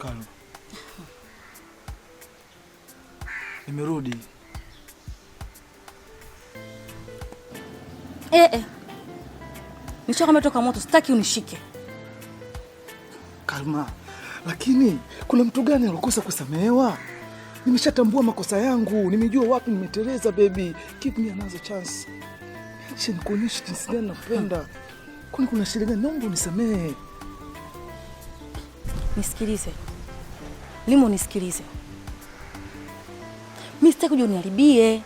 Kalo, nimerudi. Eh, eh. kama toka moto, sitaki unishike. Kalma, lakini kuna mtu gani alikosa kusamehewa? Nimeshatambua makosa yangu, nimejua wapi nimeteleza. Baby, give me another chance, acha nikuonyeshe jinsi gani nakupenda. Kwani kuna shida gani? Naomba unisamehe. Nisikilize. Limo, nisikilize. mi sitaki kuja uniharibie,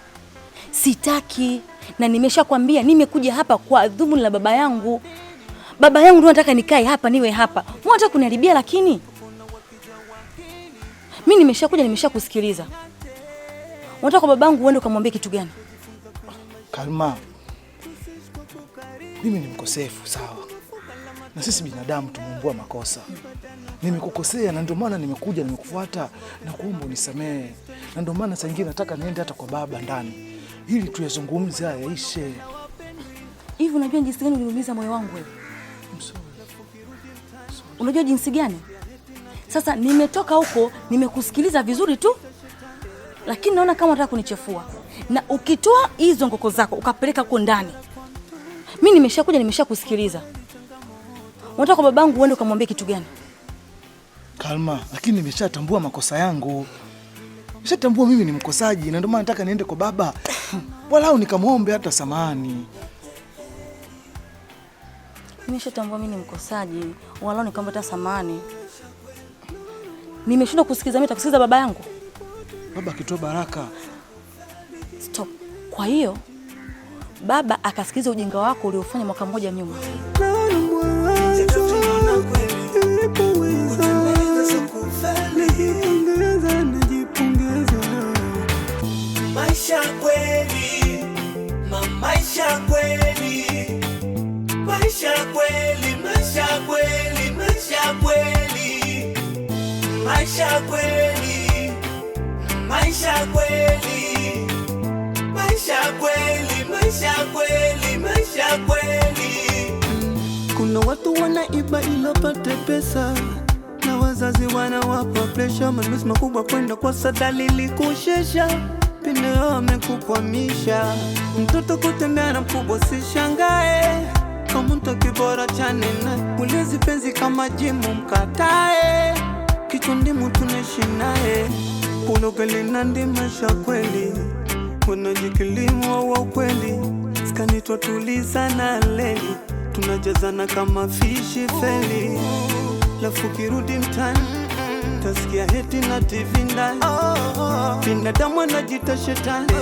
sitaki na nimeshakwambia, nimekuja hapa kwa dhumuni la baba yangu. Baba yangu ndio nataka nikae hapa, niwe hapa. Unataka kuniharibia, lakini mimi nimeshakuja, nimeshakusikiliza. Unataka kwa babangu uende ukamwambie kitu gani? Kalma, mimi ni mkosefu, sawa na sisi binadamu tumeumbua makosa. Nimekukosea na ndio maana nimekuja, nimekufuata na kuomba unisamehe, na ndio maana saa ingine nataka niende hata kwa baba ndani, ili tuyazungumze haya yaishe. Hivi unajua jinsi gani uliumiza moyo wangu wewe? Unajua jinsi gani? Sasa nimetoka huko, nimekusikiliza vizuri tu, lakini naona kama unataka kunichefua. Na ukitoa hizo ngoko zako ukapeleka huko ndani, mi nimeshakuja, nimeshakusikiliza. Unataka kwa babangu uende ukamwambia kitu gani? Kalma, lakini nimeshatambua makosa yangu. Nimeshatambua mimi ni mkosaji na ndio maana nataka niende kwa baba. Walau nikamwombe hata samani. Nimeshatambua mimi ni mkosaji, walau nikamwombe hata samani. Nimeshindwa kusikiliza, mimi nitakusikiliza baba yangu. Baba akitoa baraka. Stop. Kwa hiyo baba akasikiza ujinga wako uliofanya mwaka mmoja nyuma. Maisha kweli, mamaisha kweli, maisha kweli, maisha kweli, maisha kweli, maisha kweli, maisha kweli, maisha kweli, maisha kweli, maisha kweli. Kuna watu wanaiba ili wapate pesa na wazazi wanawapa presha, manunuzi makubwa kwenda kwa sadalili kushesha moyo amekukwamisha. Mtoto kutembea na mkubwa sishangae, kama mtu kibora cha nena ulezi penzi kama jimu mkatae, kichwa ndimu tunaishi naye na ndi maisha kweli, wanajikilimu wa kweli, skani tuliza na leli tunajazana kama fishi feli, lafu kirudi mtani tasikia heti na TV ndani binadamu oh, oh. anajita shetani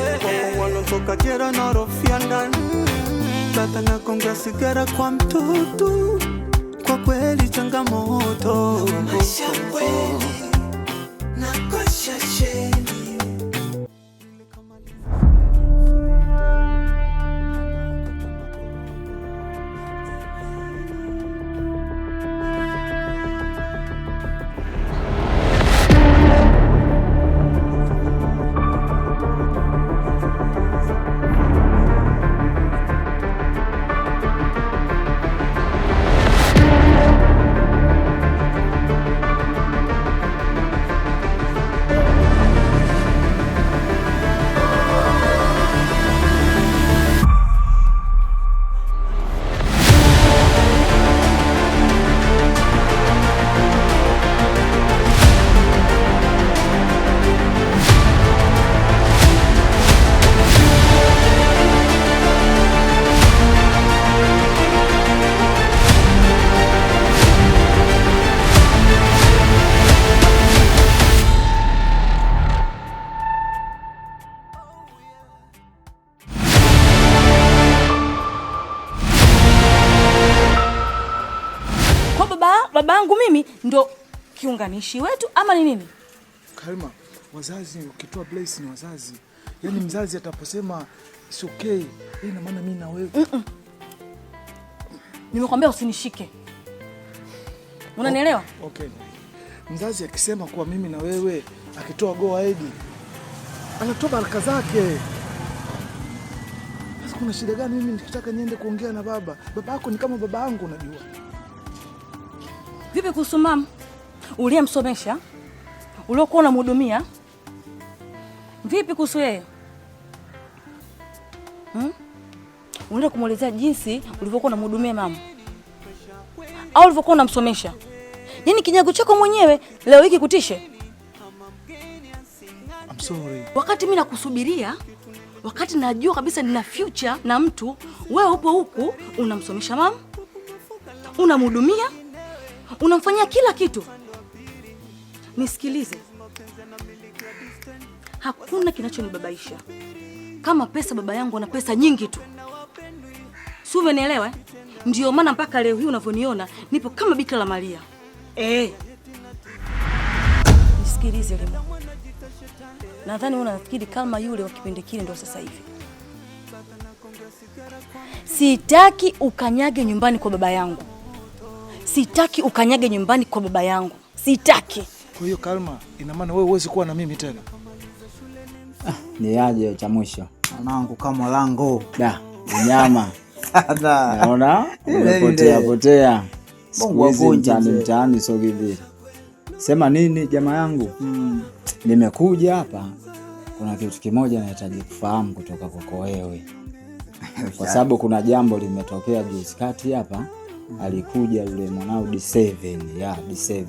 wanatoka jera na rofia ndani mm-hmm. tata na konga sigara kwa mtutu kwa kweli changamoto tunataka niishi wetu ama ni nini? Karima, wazazi ukitoa Blaise ni wazazi, yaani mzazi ataposema it's okay, yaani ina maana mimi na wewe Nimekwambia usinishike, unanielewa? Okay. Mzazi akisema kuwa mimi na wewe, akitoa goa edi anatoa baraka zake. Sasa kuna shida gani mimi nikitaka niende kuongea na baba? Baba yako ni kama baba yangu, unajua. Vipi kuhusu mama? uliyemsomesha, uliokuwa unamhudumia. Vipi kuhusu yeye hmm? Unaenda kumwelezea jinsi ulivyokuwa unamhudumia mama au ulivyokuwa unamsomesha? Yaani kinyago chako mwenyewe leo hiki kutishe? I'm sorry. Wakati mimi nakusubiria, wakati najua kabisa nina future na mtu, wewe upo huku unamsomesha mama, unamhudumia, unamfanyia kila kitu. Nisikilize, hakuna kinachonibabaisha kama pesa. Baba yangu ana pesa nyingi tu, si umenielewa eh? ndio maana mpaka leo hii unavyoniona nipo kama Bikira la Maria eh. Nisikilize Remo, nadhani unafikiri kama yule wa kipindi kile ndio sasa hivi. Sitaki ukanyage nyumbani kwa baba yangu, sitaki ukanyage nyumbani kwa baba yangu, sitaki kwa hiyo Kalma, ina maana wewe huwezi kuwa na mimi tena. Ah, ni aje cha mwisho mwanangu, kama lango da nyama naona umepotea potea, sikuizi mtaani mtaani sogivile. Sema nini jamaa yangu, hmm. Nimekuja hapa, kuna kitu kimoja nahitaji kufahamu kutoka kwako wewe kwa sababu kuna jambo limetokea juzi kati hapa, alikuja yule mwanao D7 ya D7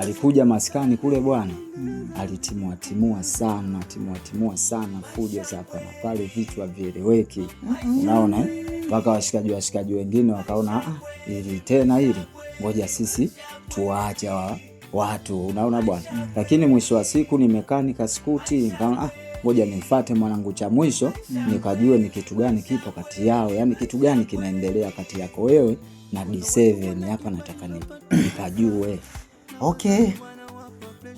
alikuja maskani kule bwana mm. alitimua timua sana timua timua sana fujo za hapa na pale, vitu havieleweki mm. unaona eh? mpaka washikaji washikaji wengine wakaona ah, ili tena ili ngoja sisi tuwaacha wa, watu unaona bwana mm. lakini mwisho wa siku nimekaa nikaskuti nikaona ah, ngoja nifate mwanangu cha mwisho yeah. Mm. nikajue ni kitu gani kipo kati yao, yani kitu gani kinaendelea kati yako wewe na D7 hapa, nataka nikajue Okay,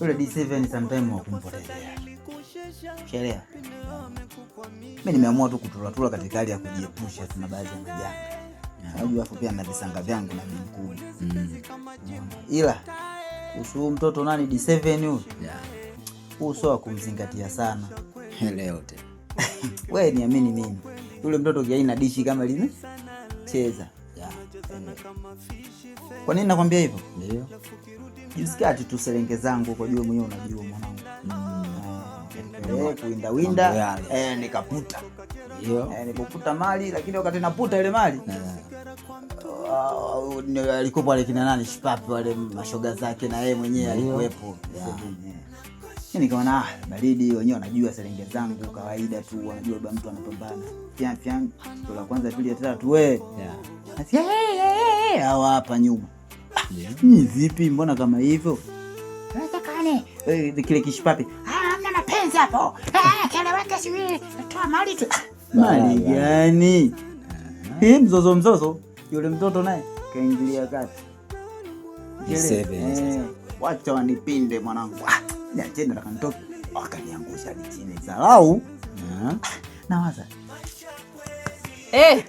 yule D7 sometime shelea. nimeamua tu kutulatula katika hali ya kujiepusha tuna baadhi ya majanga. Najua afu pia na visanga vyangu na mkuu. Ila kuhusu mtoto nani D7 huyu? wa kumzingatia sana. Leo tena. Wewe niamini mimi. Yule mtoto kiaina dishi kama lime cheza. Kwa nini nakwambia hivyo? Ndio jisikia tu Serenge zangu kwa jua mwenyewe unajua mwanangu mm, eh, kuinda winda eh, nikaputa eh, nikuputa mali, lakini wakati naputa ile mali oh, alikuwepo wale kina nani Shipapi wale mashoga zake na yeye mwenyewe alikuwepo. Nikaona ah, baridi, wenyewe wanajua Serenge zangu kawaida tu, wanajua ba mtu anapambana fyafya, la kwanza pili ya tatu, we hapa nyuma ni vipi? Mbona kama hivyo? Eh, kile kishipapi ah, hamna mapenzi hapo. Eh, keleweke siwi toa mali tu. Mali gani? Hii eh, mzozo mzozo, yule mtoto naye kaingilia kati. Wacha wanipinde mwanangu. Ah, Jana kanitoka akaniangusha hadi chini. Ah. na waza. Eh.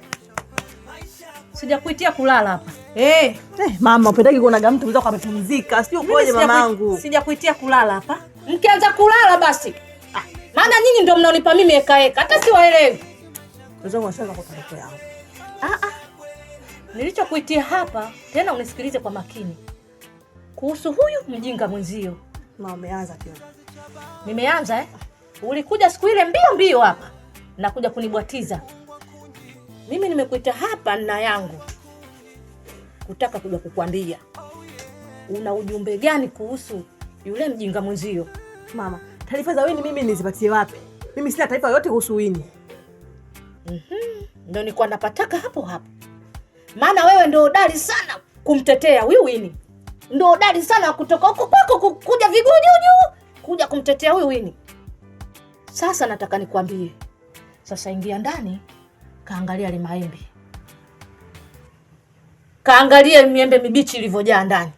Sija kuitia kulala hapa. Hey. Eh. Eh, mama upendaki kuonaga mtu mzako amepumzika, sio koje mamangu? kuitia kulala hapa. Mkianza kulala basi. Ah, maana nyinyi ndio mnaonipa mimi eka eka. Hata siwaelewi. Wenzangu wasema kwa kitu yao. Ah ah. Nilichokuitia hapa tena unisikilize kwa makini. Kuhusu huyu mjinga mwenzio. Mama umeanza tena. Nimeanza eh? Ulikuja siku ile mbio mbio hapa. Nakuja kunibwatiza. Mimi nimekuita hapa na yangu kutaka kuja kukwambia una ujumbe gani kuhusu yule mjinga mwenzio. Mama, taarifa za Wini mimi nizipatie wapi? Mimi sina taarifa yoyote kuhusu Wini. mm -hmm. Ndio nilikuwa napataka hapo hapo, maana wewe ndio hodari sana kumtetea huyu Wini, ndio hodari sana kutoka huko kwako kuja vigujuju kuja kumtetea huyu Wini. Sasa nataka nikwambie, sasa ingia ndani, kaangalia ile maembe kaangalie miembe mibichi ilivyojaa ndani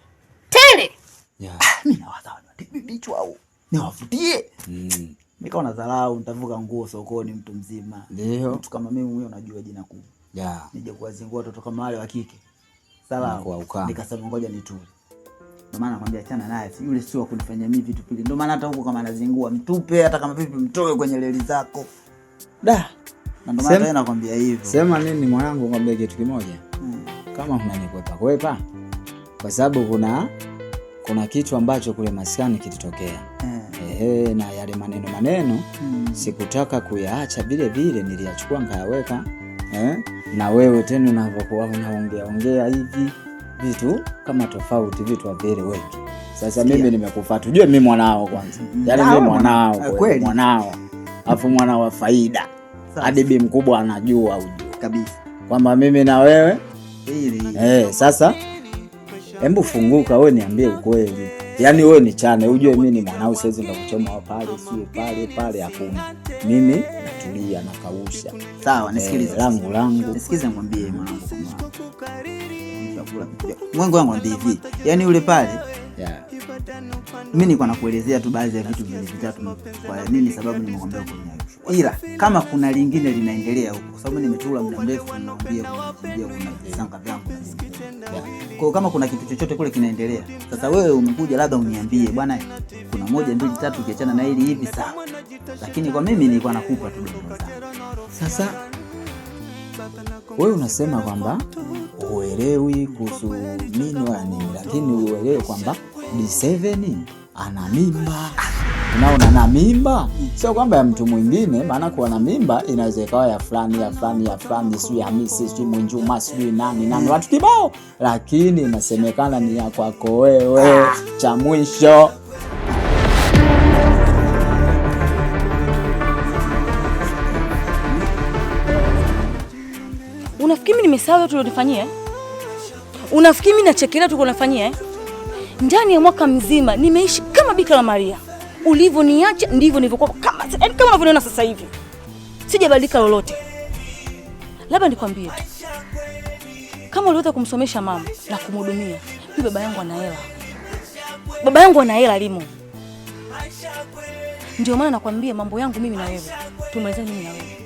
tele. Yeah. Ah, mimi nawaza watu mibichi au niwavutie mm. Nikaona dharau nitavuka nguo sokoni mtu mzima. Ndio. Mtu kama mimi mwenyewe unajua jina kubwa. Yeah. Nije kuwazingua watoto kama wale wa kike. Salamu. Nikasema ngoja nitule. Ndio maana nakwambia achana naye. Yule sio wa kunifanyia mimi vitu pili. Ndio maana hata huko kama anazingua mtupe hata kama vipi mtoe kwenye leli zako. Da. Na ndio maana nakwambia hivyo. Sema nini mwanangu, kwambia kitu kimoja. Hmm kama unanikwepa kwepa, kwa sababu kuna kuna kitu ambacho kule maskani kilitokea mm. Ehe, na yale maneno maneno mm. sikutaka kuyaacha vile vile, niliyachukua nikayaweka eh? na wewe tena unavyokuwa unaongea ongea hivi vitu kama tofauti vitu avile wengi sasa Mimi nimekufuata ujue mimi mwanao kwanza hmm. yaani mimi mwanao eh, kweli mwanao afu mwana wa faida adibi mkubwa anajua kabisa kwamba mimi na wewe Eh, sasa hebu funguka wewe, niambie ukweli. Yaani wewe ni chane, ujue mimi ni mwanao, siwezi nikakuchoma pale, sio pale pale, hakuna. Mimi natulia na kausha. Sawa, nisikilize. Eh, langu langu. Nisikilize mwambie mwanangu kwa mwengo wangu ndio hivi. Yaani yule pale yeah. Mimi nilikuwa nakuelezea tu baadhi ya vitu vile vitatu kwa nini sababu nimekuambia kwa nini ila kama kuna lingine linaendelea huko, kwa sababu nimetula muda mrefu visanga vyangu kwa kama kuna kitu chochote kule kinaendelea. Sasa wewe umekuja labda uniambie bwana, kuna moja mbili tatu, ukiachana na hili hivi sawa, lakini kwa mimi nilikuwa nakupa tu. Sasa wewe unasema kwamba uelewi kuhusu nini wala nini, lakini uelewe kwamba D7 ana mimba unaona, na mimba sio kwamba ya mtu mwingine, maana kuwa na mimba inaweza ikawa ya fulani ya fulani ya fulani, sijui Hamisi sijui Mwinjuma sijui nani nani, mm. watu kibao, lakini inasemekana ni ya kwako wewe. Ah. Cha mwisho Unafikiri mimi nimesahau ulionifanyia? Unafikiri mimi nachekelea tuko nafanyia? Ndani ya mwaka mzima nimeishi kama la Maria ulivyoniacha ndivyo nilivyokuwa, kama yaani kama unavyoniona sasa hivi, sijabadilika lolote. Labda nikwambie tu, kama uliweza kumsomesha mama na kumhudumia, mi baba yangu ana hela, baba yangu ana hela limo. Ndio maana nakwambia mambo yangu mimi na wewe tumaliza, mimi na wewe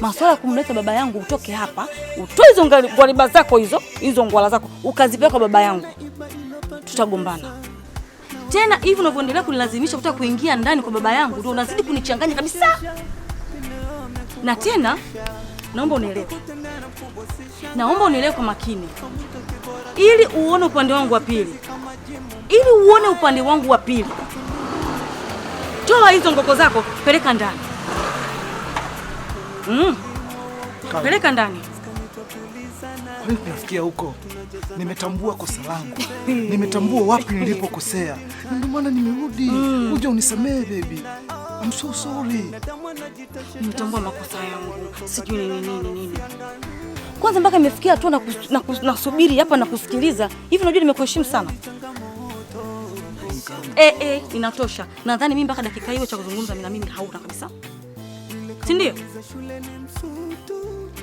Maswala ya kumleta baba yangu utoke hapa, utoe hizo ngwariba zako hizo hizo ngwala zako ukazipeka kwa baba yangu, tutagombana. Tena hivi unavyoendelea kunilazimisha kutaka kuingia ndani kwa baba yangu, ndio unazidi kunichanganya kabisa. Na tena naomba unielewe, naomba unielewe kwa makini, ili uone upande wangu wa pili, ili uone upande wangu wa pili. Toa hizo ngoko zako, peleka ndani mm. peleka ndani. Vipi nafikia huko? Nimetambua kosa langu, nimetambua wapi nilipokosea, ndio maana nimerudi. Mm. Uja unisamehe baby. I'm so sorry. Nimetambua makosa yangu, sijui nini nini nini. Kwanza mpaka nimefikia tu na nasubiri hapa na kusikiliza hivi, unajua nimekuheshimu sana. Eh, eh, inatosha. Nadhani mimi mpaka dakika hiyo cha kuzungumza na mimi hauna kabisa, si ndio?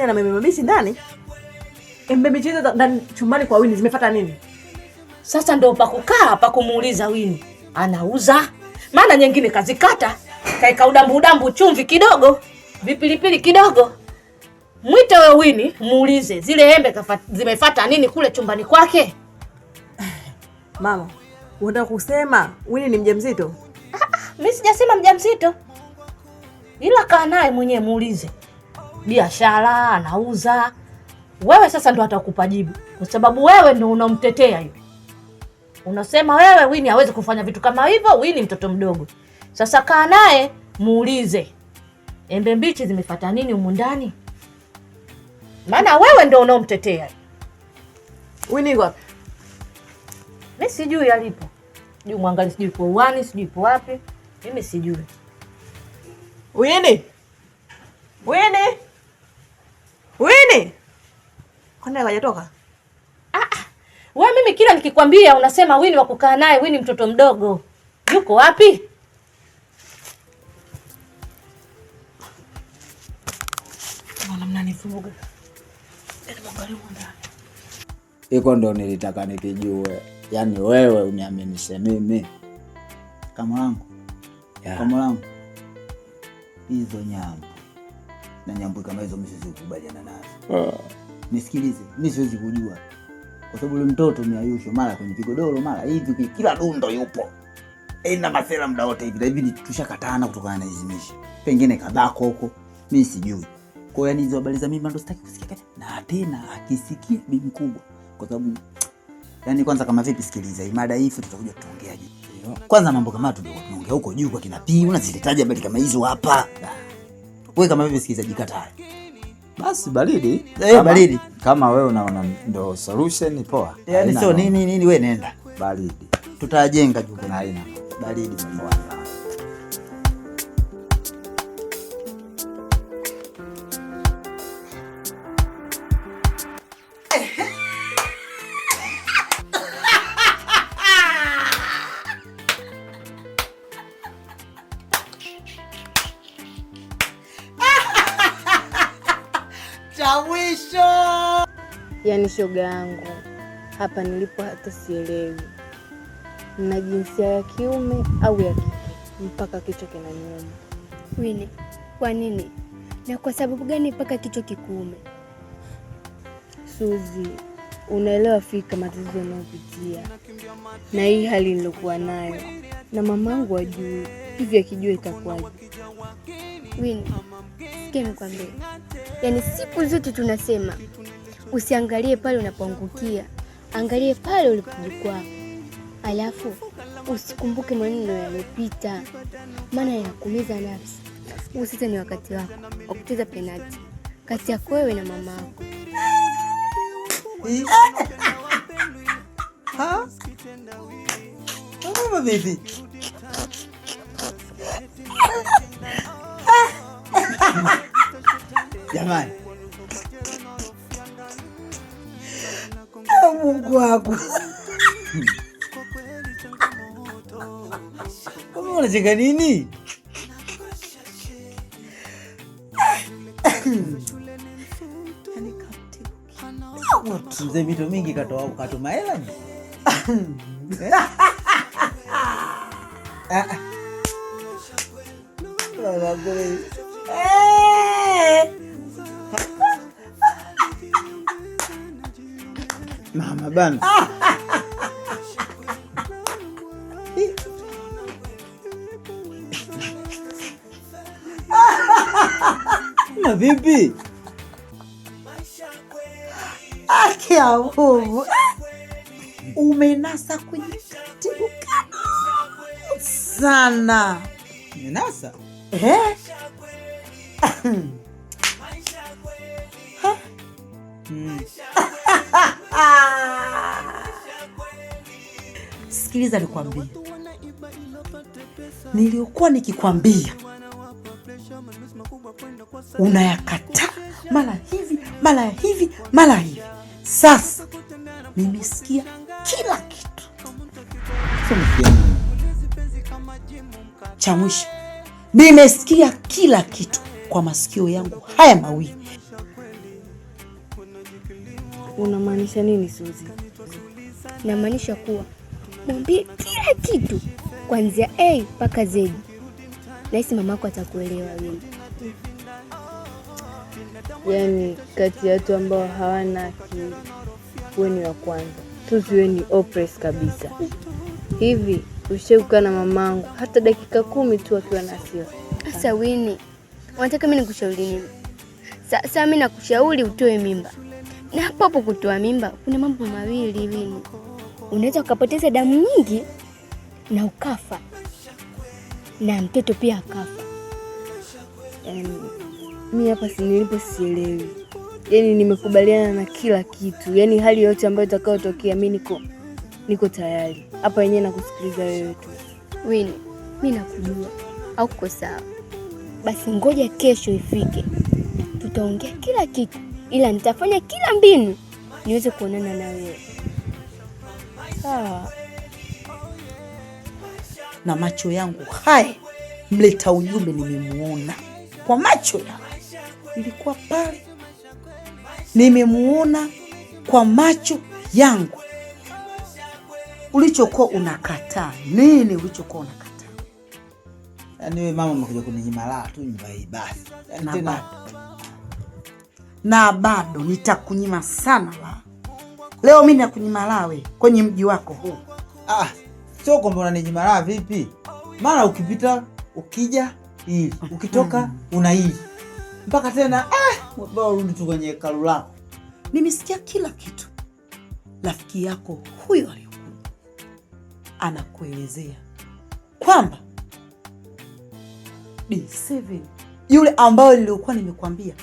Kenya na mimi mimi ndani mmemicheza ndani chumbani kwa Wini, zimepata nini? Sasa ndo pakukaa pa kumuuliza Wini anauza, maana nyingine kazikata, kaeka udambu udambu, chumvi kidogo, vipilipili kidogo. Mwite we Wini muulize zile embe zimefata nini kule chumbani kwake. Mama, unataka kusema Wini ni mjamzito? Ah, ah, mimi sijasema mjamzito, ila kaa naye mwenyewe muulize biashara, anauza. Wewe sasa ndo atakupa jibu, kwa sababu wewe ndo unamtetea hivi. Unasema wewe Wini hawezi kufanya vitu kama hivyo, Wini mtoto mdogo. Sasa kaa naye muulize, embe mbichi zimefata nini humu ndani? Maana wewe ndo unaomtetea Wini. Wapi? Mi sijui alipo, sijui mwangali, sijui kwa uani, sijui kwa wapi, mimi sijui Wini. Wini. Wini. Kwani hajatoka? Ah, ah. mimi kila nikikwambia unasema Wini wa kukaa naye, Wini mtoto mdogo. Yuko wapi? Yaani Iko ndo nilitaka nikijue, yaani wewe uniaminishe mimi kama langu kama langu hizo nyama na nyambwe kama hizo mimi siwezi kukubaliana nazo. Ah. Nisikilize, mimi siwezi kujua. Kwa sababu yule mtoto ni ayusho mara kwenye vigodoro mara hivi kila dundo yupo. Enda masela muda wote hivi. Hivi tushakatana kutokana na hizi mishi. Pengine kadhako huko. Mimi sijui. Kwa hiyo hizo habari za mimi ndo sitaki kusikia. Na tena akisikia bi mkubwa kwa sababu yani kwanza kama vipi sikiliza. Imada hivi, tutakuja tutaongeaje? Kwanza mambo kama tunaongea huko juu kwa kinapi unazitaja habari kama hizo hapa? Wewe kama hivi sikiza, jikatae basi baridi. Eh, baridi kama wewe unaona ndo solution poa. Yaani sio nini nini, wewe nenda baridi, tutajenga juku na aina baridi mwana Yaani shoga yangu hapa nilipo hata sielewi, na jinsia ya kiume au ya kike? Mpaka kichwa kinaniuma wini Kwa nini na kwa sababu gani mpaka kichwa kikuume? Suzi, unaelewa fika matatizo yanayopitia na hii hali nilokuwa nayo, na mamangu ajui hivyo, akijua itakuwaje? Wini, sikia nikwambie, yaani siku zote tunasema Usiangalie pale unapoangukia, angalie pale ulipojikwaa, alafu usikumbuke maneno yaliyopita, maana yanakuumiza nafsi. Huu sasa ni wakati wako wa kucheza penati kati yako wewe na mama yako. Jamani aku kamu mengerjakan ini tuze vitu mingi katoa ukatumaela Eh. eh. Mama bana. Na vipi? Aki ya Mungu. Umenasa kujikatibu sana. Umenasa? Eh? Sikiliza nikwambie, niliokuwa nikikwambia unayakataa mara hivi mara ya hivi mara hivi. Sasa nimesikia kila kitu. Cha mwisho nimesikia kila kitu kwa masikio yangu haya mawili. Unamaanisha nini Suzi? Namaanisha kuwa nikuambie kila kitu kuanzia A mpaka Z. Nahisi mamako atakuelewa wewe. Yaani, kati ya watu ambao hawana akili wewe ni wa kwanza, Tuzi wewe ni oppress kabisa. Hivi ushakukaa na mamangu hata dakika kumi tu akiwa na hasira? Sasa Wini, unataka mimi nikushauri nini? Sasa mimi nakushauri utoe mimba, na hapo hapo kutoa mimba kuna mambo mawili Wini unaweza ukapoteza damu nyingi na ukafa na mtoto pia akafa. Yani, mi hapa sinilipo sielewi, yani nimekubaliana na kila kitu, yani hali yoyote ambayo itakayotokea mi niko niko tayari hapa, wenyewe nakusikiliza wewe tu. Wini, mi nakujua auko sawa. Basi ngoja kesho ifike, tutaongea kila kitu, ila nitafanya kila mbinu niweze kuonana na wewe. Na macho yangu haya mleta ujumbe nimemuona kwa macho ya ilikuwa pale, nimemuona kwa macho yangu. Ulichokuwa unakataa nini? Ulichokuwa unakataa yaani, wewe mama, umekuja kuninyima raha tu nyumba hii basi, yaani na bado nitakunyima sana raha Leo mimi nakunyimalaa kwenye mji wako huu. Oh. Ah, sio kwamba unanijimalaa vipi? Mara ukipita ukija hivi, ukitoka hmm. una hii Mpaka tena eh, urudi tu kwenye hekalu lako. Nimesikia kila kitu. Rafiki yako huyo aliyokuwa anakuelezea kwamba D7 yule ambayo nilikuwa nimekwambia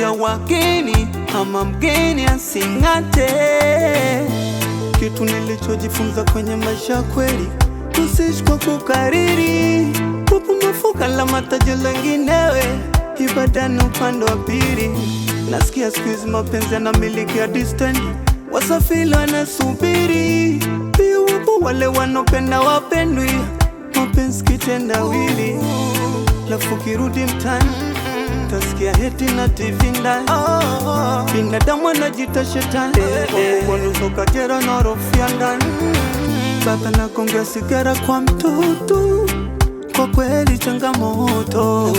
ya wageni ama mgeni asing'ate. Kitu nilichojifunza kwenye maisha kweli, tusiishi kwa kukariri, kupumafuka la mataji lenginewe, ibada ni upande wa pili. Nasikia siku hizi mapenzi yanamiliki ya distance, wasafiri wanasubiri, pia wapo wale wanopenda wapendwi, mapenzi kitendawili, lafu kirudi mtani tasikia heti na TV ndani oh, binadamu anajita shetani eh, wanuzokajera eh. na rofia ndani mm. baba na kongea sigara kwa mtoto kwa kweli changamoto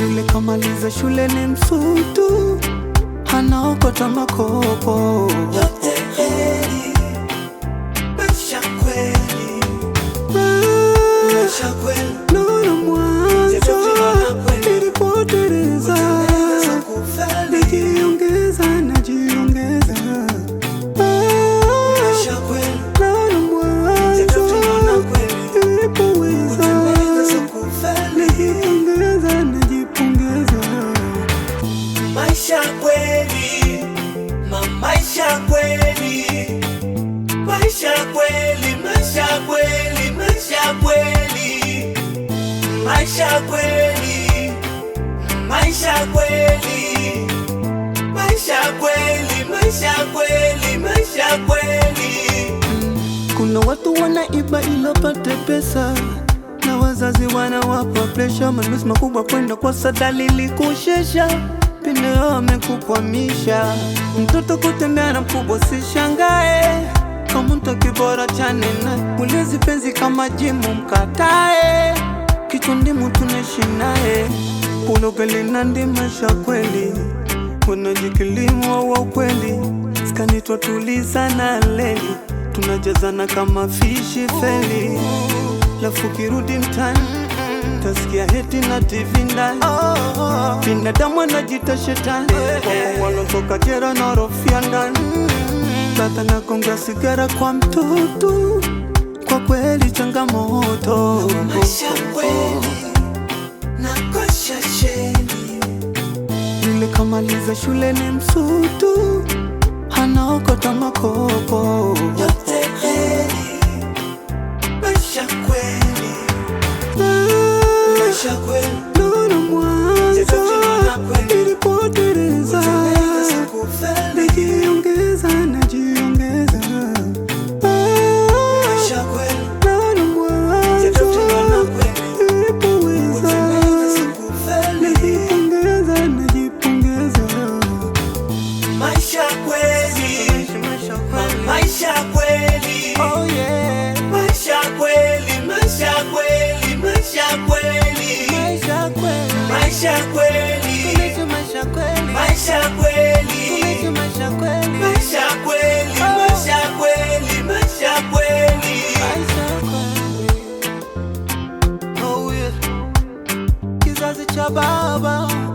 yule kamaliza shule ni msutu anaokota makopo Atakwe Maisha kweli, maisha kweli, maisha kweli, maisha kweli, maisha kweli. Kuna watu wanaiba ilo pate pesa na wazazi wanawapa presha, manunuzi makubwa kwenda kwa sadali likushesha, pindeo amekukwamisha mtoto kutembea na mkubwa, sishangae kama mtu kibora chanena nena, mulezi penzi kama jimu mkatae kichwa ndimu tunaishi naye, kulogele na ndimasha kweli, wanajikilimu wa kweli, skanitwa tuliza na leli, tunajazana kama fishi feli, lafu kirudi mtani Tasikia heti na TV ndani binadamu anajita shetani walotoka jera na rofia ndani tata na konga sigara kwa mtoto kwa kweli changamoto ile kamaliza shule ni msutu, anaokota makopo Maisha kweli. Ah. Maisha kweli, maisha kweli, maisha oh. kweli, maisha kweli, maisha kweli, maisha kweli, maisha kweli, Kizazi cha baba